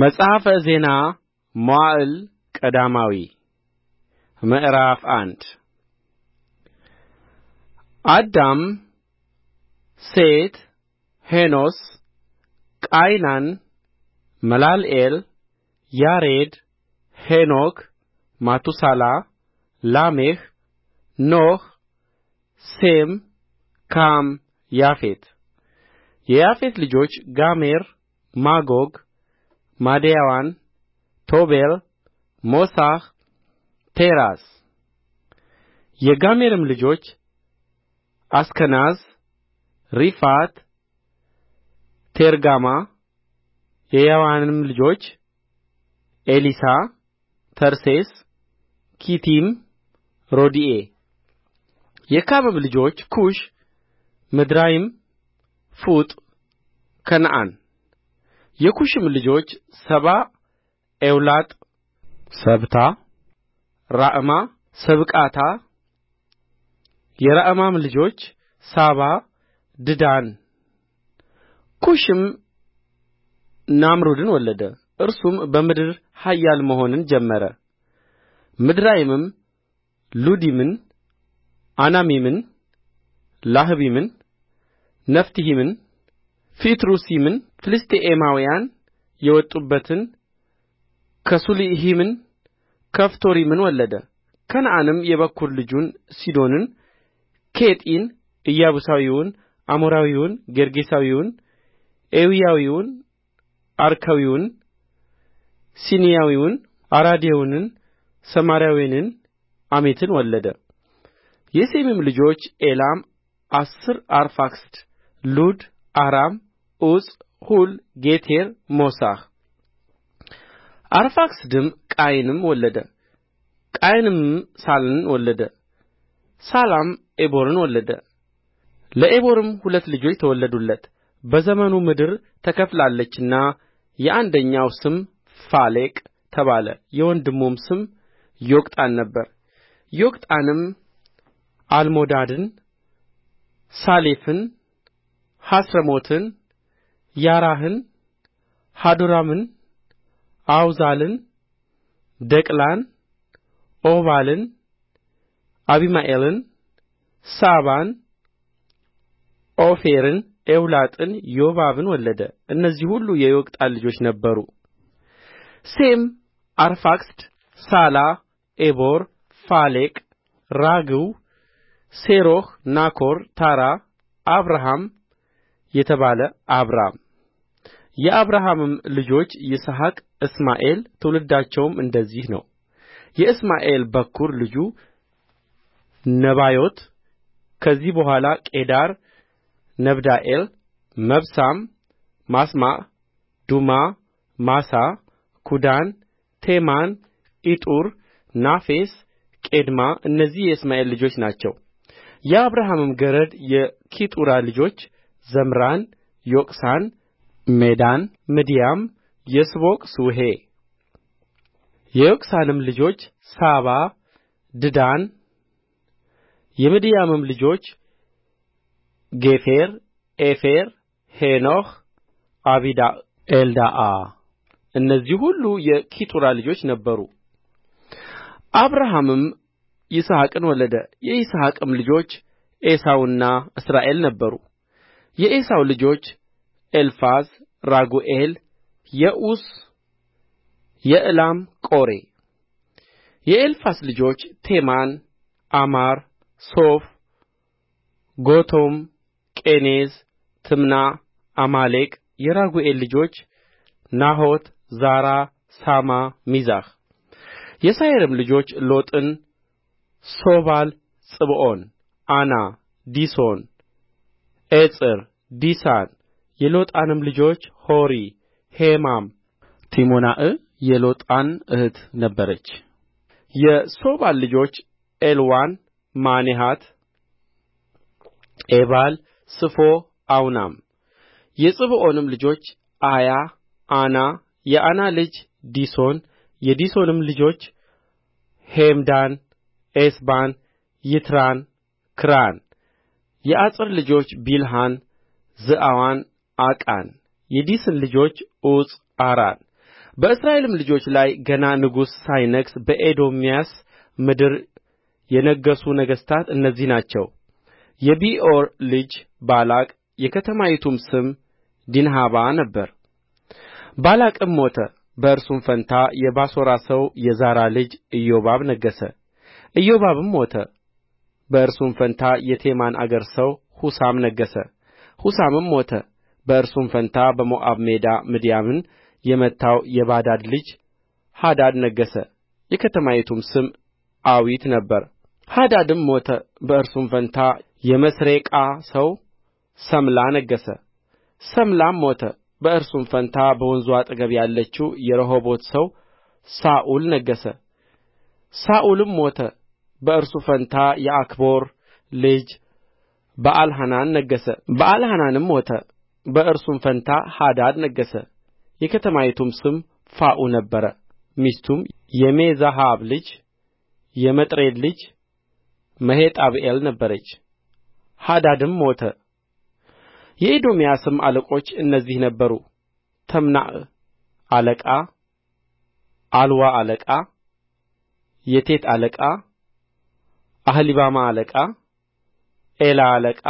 መጽሐፈ ዜና መዋዕል ቀዳማዊ ምዕራፍ አንድ አዳም ሴት፣ ሄኖስ፣ ቃይናን፣ መላልኤል፣ ያሬድ፣ ሄኖክ፣ ማቱሳላ፣ ላሜሕ፣ ኖኅ፣ ሴም፣ ካም፣ ያፌት። የያፌት ልጆች ጋሜር፣ ማጎግ፣ ማዴያዋን ቶቤል ሞሳሕ ቴራስ የጋሜርም ልጆች አስከናዝ ሪፋት ቴርጋማ የያዋንም ልጆች ኤሊሳ ተርሴስ ኪቲም ሮድኢ የካምም ልጆች ኩሽ ምድራይም ፉጥ ከነዓን የኩሽም ልጆች ሳባ ኤውላጥ ሰብታ ራዕማ ሰብቃታ የራዕማም ልጆች ሳባ ድዳን ኩሽም ናምሩድን ወለደ እርሱም በምድር ኃያል መሆንን ጀመረ ምድራይምም ሉዲምን አናሚምን ላህቢምን ነፍተሂምን ፊትሩሲምን፣ ፍልስጥኤማውያን የወጡበትን ከሱሊሂምን ከፍቶሪምን ወለደ ከነዓንም የበኵር ልጁን ሲዶንን ኬጢን ኢያቡሳዊውን አሞራዊውን ጌርጌሳዊውን ኤዊያዊውን አርካዊውን ሲኒያዊውን አራዴዎንን ሰማራዊውን አማቲን ወለደ የሴምም ልጆች ኤላም አሥር አርፋክስድ ሉድ አራም ዑፅ ሁል ጌቴር ሞሳሕ አርፋክስድም ቃይንም ወለደ ቃይንም ሳላን ወለደ ሳላም ዔቦርን ወለደ ለዔቦርም ሁለት ልጆች ተወለዱለት በዘመኑ ምድር ተከፍላለችና የአንደኛው ስም ፋሌቅ ተባለ የወንድሙም ስም ዮቅጣን ነበረ ዮቅጣንም አልሞዳድን ሳሌፍን ሐስረሞትን ያራሕን ሀዶራምን አውዛልን ደቅላን ዖባልን አቢማኤልን ሳባን ኦፌርን ኤውላጥን ዮባብን ወለደ እነዚህ ሁሉ የዮቅጣን ልጆች ነበሩ ሴም አርፋክስድ ሳላ ዔቦር ፋሌቅ ራግው ሴሮሕ ናኮር ታራ አብርሃም የተባለ አብራም የአብርሃምም ልጆች ይስሐቅ እስማኤል ትውልዳቸውም እንደዚህ ነው የእስማኤል በኵር ልጁ ነባዮት ከዚህ በኋላ ቄዳር ነብዳኤል መብሳም ማስማዕ ዱማ ማሣ ኩዳን ቴማን ኢጡር ናፌስ ቄድማ እነዚህ የእስማኤል ልጆች ናቸው የአብርሃምም ገረድ የኬጡራ ልጆች ዘምራን ዮቅሳን ሜዳን ምድያም የስቦቅ ስዌሕ የዮቅሳንም ልጆች ሳባ ድዳን የምድያምም ልጆች ጌፌር ዔፌር ሄኖኅ አቢዳዕ ኤልዳዓ እነዚህ ሁሉ የኬጡራ ልጆች ነበሩ አብርሃምም ይስሐቅን ወለደ የይስሐቅም ልጆች ዔሳውና እስራኤል ነበሩ የዔሳው ልጆች ኤልፋዝ ራጉኤል የዑስ የዕላም ቆሬ የኤልፋዝ ልጆች ቴማን ኦማር ሶፍ ጎቶም ቄኔዝ ትምና አማሌቅ የራጉኤል ልጆች ናሖት ዛራ ሣማ ሚዛህ የሴይርም ልጆች ሎጣን ሦባል ጽብዖን ዓና ዲሶን ኤጽር ዲሳን የሎጣንም ልጆች ሖሪ ሄማም ቲሞናዕ የሎጣን እኅት ነበረች የሦባል ልጆች ኤልዋን ማኔሐት ዔባል ስፎ አውናም የፅብዖንም ልጆች አያ ዓና የዓና ልጅ ዲሶን የዲሶንም ልጆች ሔምዳን ኤስባን ይትራን ክራን የአጽር ልጆች ቢልሐን ዛዕዋን ዓቃን የዲሳን ልጆች ዑፅ አራን በእስራኤልም ልጆች ላይ ገና ንጉሥ ሳይነግሥ በኤዶምያስ ምድር የነገሡ ነገሥታት እነዚህ ናቸው የቢዖር ልጅ ባላቅ የከተማይቱም ስም ዲንሃባ ነበረ ባላቅም ሞተ በእርሱም ፋንታ የባሶራ ሰው የዛራ ልጅ ኢዮባብ ነገሠ ኢዮባብም ሞተ በእርሱም ፋንታ የቴማን አገር ሰው ሑሳም ነገሠ ሁሳምም ሞተ በእርሱም ፋንታ በሞዓብ ሜዳ ምድያምን የመታው የባዳድ ልጅ ሃዳድ ነገሠ የከተማይቱም ስም ዓዊት ነበረ ሃዳድም ሞተ በእርሱም ፋንታ የመስሬቃ ሰው ሰምላ ነገሠ ሰምላም ሞተ በእርሱም ፋንታ በወንዙ አጠገብ ያለችው የረሆቦት ሰው ሳኡል ነገሠ ሳኡልም ሞተ በእርሱ ፋንታ የዓክቦር ልጅ በአልሐናን ነገሠ በአልሐናንም ሞተ በእርሱም ፋንታ ሃዳድ ነገሠ የከተማይቱም ስም ፋዑ ነበረ ሚስቱም የሜዛሃብ ልጅ የመጥሬድ ልጅ መሄጣብኤል ነበረች ሃዳድም ሞተ የኤዶምያስም አለቆች እነዚህ ነበሩ ተምናዕ አለቃ ዓልዋ አለቃ የቴት አለቃ አህሊባማ አለቃ ኤላ አለቃ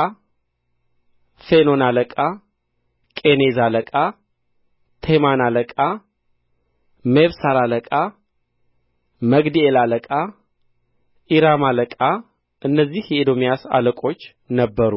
ፌኖን አለቃ ቄኔዝ አለቃ ቴማን አለቃ ሚብሳር አለቃ መግዲኤል አለቃ ዒራም አለቃ እነዚህ የኤዶምያስ አለቆች ነበሩ